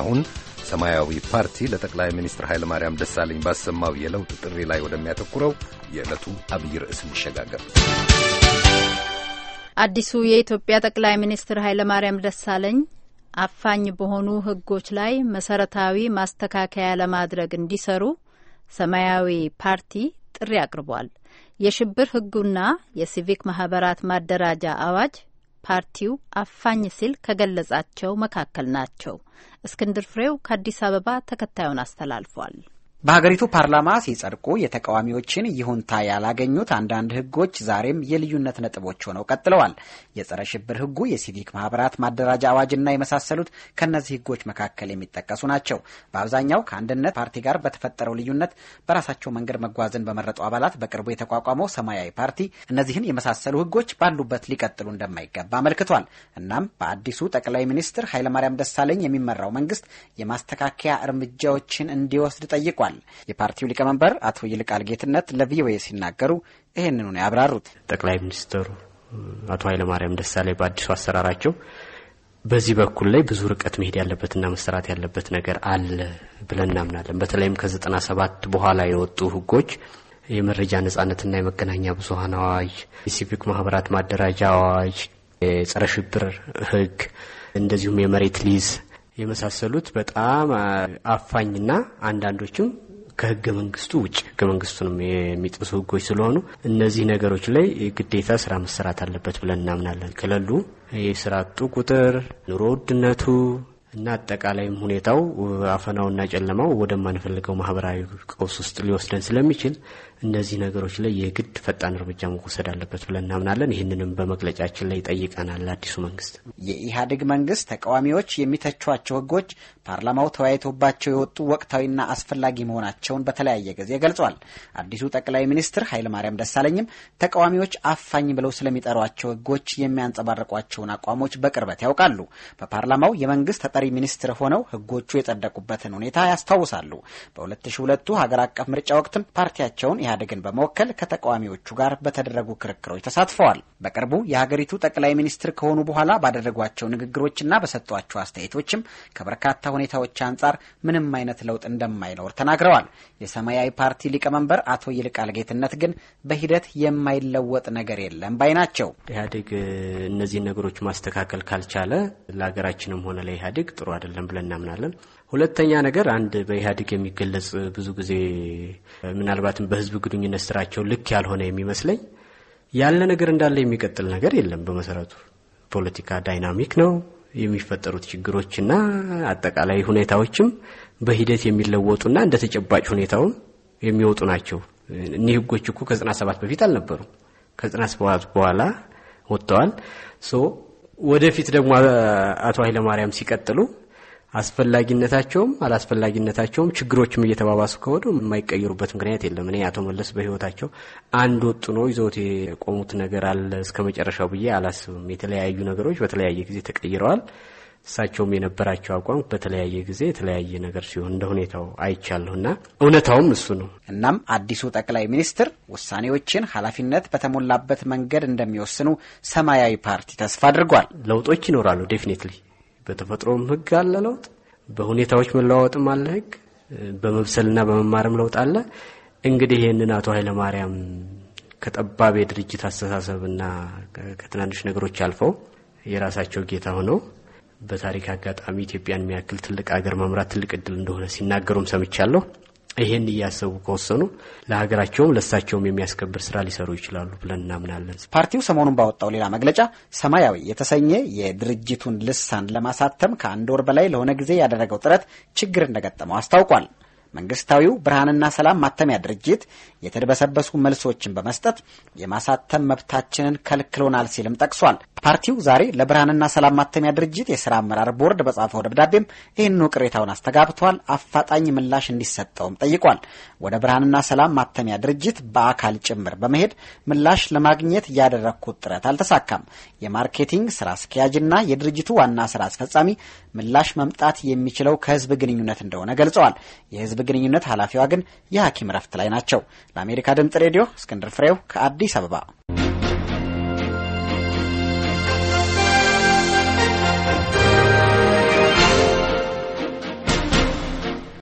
አሁን ሰማያዊ ፓርቲ ለጠቅላይ ሚኒስትር ኃይለማርያም ደሳለኝ ባሰማው የለውጥ ጥሪ ላይ ወደሚያተኩረው የዕለቱ አብይ ርዕስ እንሸጋገር። አዲሱ የኢትዮጵያ ጠቅላይ ሚኒስትር ኃይለማርያም ደሳለኝ አፋኝ በሆኑ ሕጎች ላይ መሰረታዊ ማስተካከያ ለማድረግ እንዲሰሩ ሰማያዊ ፓርቲ ጥሪ አቅርቧል። የሽብር ሕጉና የሲቪክ ማህበራት ማደራጃ አዋጅ ፓርቲው አፋኝ ሲል ከገለጻቸው መካከል ናቸው። እስክንድር ፍሬው ከአዲስ አበባ ተከታዩን አስተላልፏል። በሀገሪቱ ፓርላማ ሲጸድቁ የተቃዋሚዎችን ይሁንታ ያላገኙት አንዳንድ ህጎች ዛሬም የልዩነት ነጥቦች ሆነው ቀጥለዋል። የጸረ ሽብር ህጉ የሲቪክ ማህበራት ማደራጃ አዋጅና የመሳሰሉት ከእነዚህ ህጎች መካከል የሚጠቀሱ ናቸው። በአብዛኛው ከአንድነት ፓርቲ ጋር በተፈጠረው ልዩነት በራሳቸው መንገድ መጓዝን በመረጡ አባላት በቅርቡ የተቋቋመው ሰማያዊ ፓርቲ እነዚህን የመሳሰሉ ህጎች ባሉበት ሊቀጥሉ እንደማይገባ አመልክቷል። እናም በአዲሱ ጠቅላይ ሚኒስትር ኃይለማርያም ደሳለኝ የሚመራው መንግስት የማስተካከያ እርምጃዎችን እንዲወስድ ጠይቋል። አይሰራም። የፓርቲው ሊቀመንበር አቶ ይልቃል ጌትነት ለቪኦኤ ሲናገሩ ይህንኑ ነው ያብራሩት። ጠቅላይ ሚኒስትሩ አቶ ኃይለማርያም ደሳለኝ በአዲሱ አሰራራቸው በዚህ በኩል ላይ ብዙ ርቀት መሄድ ያለበትና መሰራት ያለበት ነገር አለ ብለን እናምናለን። በተለይም ከዘጠና ሰባት በኋላ የወጡ ህጎች የመረጃ ነጻነትና የመገናኛ ብዙሀን አዋጅ፣ የሲቪክ ማህበራት ማደራጃ አዋጅ፣ የጸረ ሽብር ህግ እንደዚሁም የመሬት ሊዝ የመሳሰሉት በጣም አፋኝና አንዳንዶችም ከህገ መንግስቱ ውጭ ህገ መንግስቱንም የሚጥሱ ህጎች ስለሆኑ እነዚህ ነገሮች ላይ ግዴታ ስራ መሰራት አለበት ብለን እናምናለን። ክለሉ የስራ አጡ ቁጥር፣ ኑሮ ውድነቱ እና አጠቃላይም ሁኔታው አፈናውና ጨለማው ወደማንፈልገው ማህበራዊ ቀውስ ውስጥ ሊወስደን ስለሚችል እነዚህ ነገሮች ላይ የግድ ፈጣን እርምጃ መወሰድ አለበት ብለን እናምናለን። ይህንንም በመግለጫችን ላይ ጠይቀናል። አዲሱ መንግስት የኢህአዴግ መንግስት ተቃዋሚዎች የሚተቿቸው ህጎች ፓርላማው ተወያይቶባቸው የወጡ ወቅታዊና አስፈላጊ መሆናቸውን በተለያየ ጊዜ ገልጿል። አዲሱ ጠቅላይ ሚኒስትር ኃይለማርያም ደሳለኝም ተቃዋሚዎች አፋኝ ብለው ስለሚጠሯቸው ህጎች የሚያንጸባርቋቸውን አቋሞች በቅርበት ያውቃሉ። በፓርላማው የመንግስት ተጠሪ ሚኒስትር ሆነው ህጎቹ የጸደቁበትን ሁኔታ ያስታውሳሉ። በ2002ቱ ሀገር አቀፍ ምርጫ ወቅትም ፓርቲያቸውን ኢህአዴግን በመወከል ከተቃዋሚዎቹ ጋር በተደረጉ ክርክሮች ተሳትፈዋል። በቅርቡ የሀገሪቱ ጠቅላይ ሚኒስትር ከሆኑ በኋላ ባደረጓቸው ንግግሮችና በሰጧቸው አስተያየቶችም ከበርካታ ሁኔታዎች አንጻር ምንም አይነት ለውጥ እንደማይኖር ተናግረዋል። የሰማያዊ ፓርቲ ሊቀመንበር አቶ ይልቃል ጌትነት ግን በሂደት የማይለወጥ ነገር የለም ባይ ናቸው። ኢህአዴግ እነዚህ ነገሮች ማስተካከል ካልቻለ ለሀገራችንም ሆነ ለኢህአዴግ ማድረግ ጥሩ አይደለም ብለን እናምናለን። ሁለተኛ ነገር አንድ በኢህአዴግ የሚገለጽ ብዙ ጊዜ ምናልባትም በህዝብ ግንኙነት ስራቸው ልክ ያልሆነ የሚመስለኝ ያለ ነገር እንዳለ የሚቀጥል ነገር የለም። በመሰረቱ ፖለቲካ ዳይናሚክ ነው። የሚፈጠሩት ችግሮችና አጠቃላይ ሁኔታዎችም በሂደት የሚለወጡና እንደ ተጨባጭ ሁኔታውም የሚወጡ ናቸው። እኒህ ህጎች እኮ ከዘጠና ሰባት በፊት አልነበሩም። ከዘጠና ሰባት በኋላ ወጥተዋል። ወደፊት ደግሞ አቶ ኃይለማርያም ሲቀጥሉ አስፈላጊነታቸውም አላስፈላጊነታቸውም ችግሮችም እየተባባሱ ከሆነ የማይቀይሩበት ምክንያት የለም። እኔ አቶ መለስ በህይወታቸው አንድ ወጥ ነው ይዘውት የቆሙት ነገር አለ እስከ መጨረሻው ብዬ አላስብም። የተለያዩ ነገሮች በተለያየ ጊዜ ተቀይረዋል። እሳቸውም የነበራቸው አቋም በተለያየ ጊዜ የተለያየ ነገር ሲሆን እንደ ሁኔታው አይቻለሁና እውነታውም እሱ ነው። እናም አዲሱ ጠቅላይ ሚኒስትር ውሳኔዎችን ኃላፊነት በተሞላበት መንገድ እንደሚወስኑ ሰማያዊ ፓርቲ ተስፋ አድርጓል። ለውጦች ይኖራሉ። ዴፊኒትሊ በተፈጥሮም ህግ አለ ለውጥ፣ በሁኔታዎች መለዋወጥም አለ ህግ፣ በመብሰልና በመማርም ለውጥ አለ። እንግዲህ ይህንን አቶ ኃይለማርያም ከጠባብ የድርጅት አስተሳሰብና ከትናንሽ ነገሮች አልፈው የራሳቸው ጌታ ሆነው በታሪክ አጋጣሚ ኢትዮጵያን የሚያክል ትልቅ ሀገር መምራት ትልቅ እድል እንደሆነ ሲናገሩም ሰምቻለሁ። ይህን እያሰቡ ከወሰኑ ለሀገራቸውም ለእሳቸውም የሚያስከብር ስራ ሊሰሩ ይችላሉ ብለን እናምናለን። ፓርቲው ሰሞኑን ባወጣው ሌላ መግለጫ ሰማያዊ የተሰኘ የድርጅቱን ልሳን ለማሳተም ከአንድ ወር በላይ ለሆነ ጊዜ ያደረገው ጥረት ችግር እንደገጠመው አስታውቋል። መንግስታዊው ብርሃንና ሰላም ማተሚያ ድርጅት የተድበሰበሱ መልሶችን በመስጠት የማሳተም መብታችንን ከልክሎናል ሲልም ጠቅሷል። ፓርቲው ዛሬ ለብርሃንና ሰላም ማተሚያ ድርጅት የስራ አመራር ቦርድ በጻፈው ደብዳቤም ይህንኑ ቅሬታውን አስተጋብቷል። አፋጣኝ ምላሽ እንዲሰጠውም ጠይቋል። ወደ ብርሃንና ሰላም ማተሚያ ድርጅት በአካል ጭምር በመሄድ ምላሽ ለማግኘት ያደረግኩት ጥረት አልተሳካም። የማርኬቲንግ ስራ አስኪያጅና የድርጅቱ ዋና ስራ አስፈጻሚ ምላሽ መምጣት የሚችለው ከህዝብ ግንኙነት እንደሆነ ገልጸዋል። የህዝብ ግንኙነት ኃላፊዋ ግን የሐኪም ረፍት ላይ ናቸው። ለአሜሪካ ድምጽ ሬዲዮ እስክንድር ፍሬው ከአዲስ አበባ